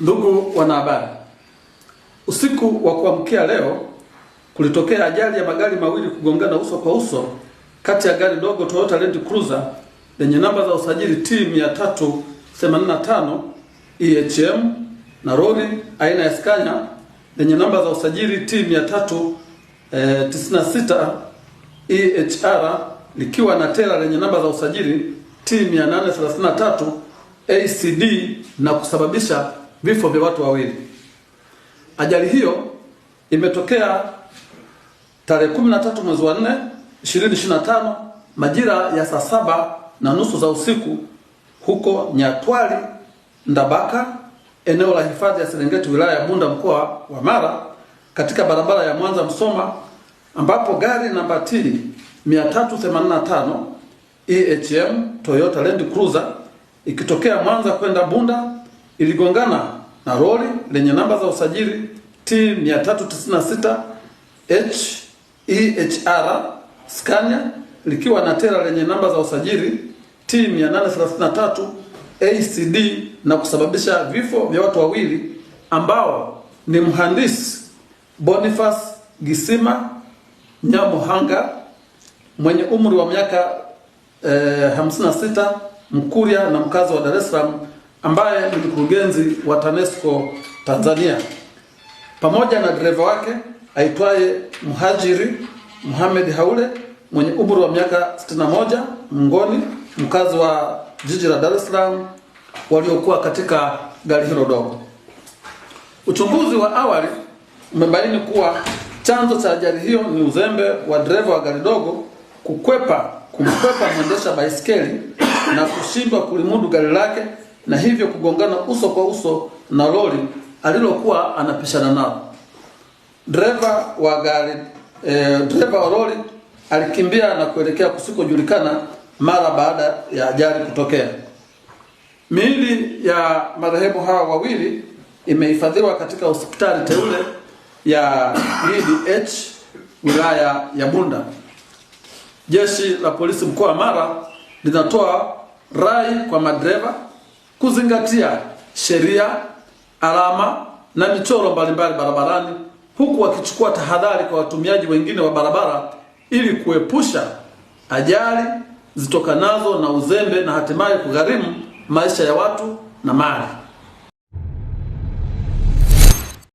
Ndugu wanahabari, usiku wa kuamkia leo kulitokea ajali ya magari mawili kugongana uso kwa uso kati ya gari dogo Toyota Land Cruiser lenye namba za usajili T 385 EHM na lori aina ya Scania lenye namba za usajili T 396 EHR likiwa na tela lenye namba za usajili T 833 ACD na kusababisha vifo vya watu wawili. Ajali hiyo imetokea tarehe 13 mwezi wa 4 2025 majira ya saa saba na nusu za usiku huko Nyatwali Ndabaka, eneo la hifadhi ya Serengeti, wilaya ya Bunda, mkoa wa Mara, katika barabara ya Mwanza Msoma, ambapo gari namba T 385 EHM Toyota Land Cruiser ikitokea Mwanza kwenda Bunda iligongana na lori lenye namba za usajili T 396 HEHR Scania likiwa na tera lenye namba za usajili T 833 ACD na kusababisha vifo vya watu wawili ambao ni mhandisi Boniface Gisima Nyamuhanga mwenye umri wa miaka e, eh, 56 Mkuria na mkazi wa Dar es Salaam ambaye ni mkurugenzi wa TANESCO Tanzania pamoja na dereva wake aitwaye Mhajiri Muhamed Haule mwenye umri wa miaka 61 mngoni mkazi wa jiji la Dar es Salaam waliokuwa katika gari hilo dogo. Uchunguzi wa awali umebaini kuwa chanzo cha ajali hiyo ni uzembe wa dereva wa gari dogo kukwepa kumkwepa mwendesha baisikeli na kushindwa kulimudu gari lake na hivyo kugongana uso kwa uso na lori alilokuwa anapishana nao. Dereva wa gari e, eh, dereva wa lori alikimbia na kuelekea kusikojulikana mara baada ya ajali kutokea. Miili ya marehemu hawa wawili imehifadhiwa katika hospitali teule ya H wilaya ya Bunda. Jeshi la polisi mkoa wa Mara linatoa rai kwa madereva kuzingatia sheria, alama na michoro mbalimbali barabarani, huku wakichukua tahadhari kwa watumiaji wengine wa barabara ili kuepusha ajali zitokanazo na uzembe na hatimaye kugharimu maisha ya watu na mali.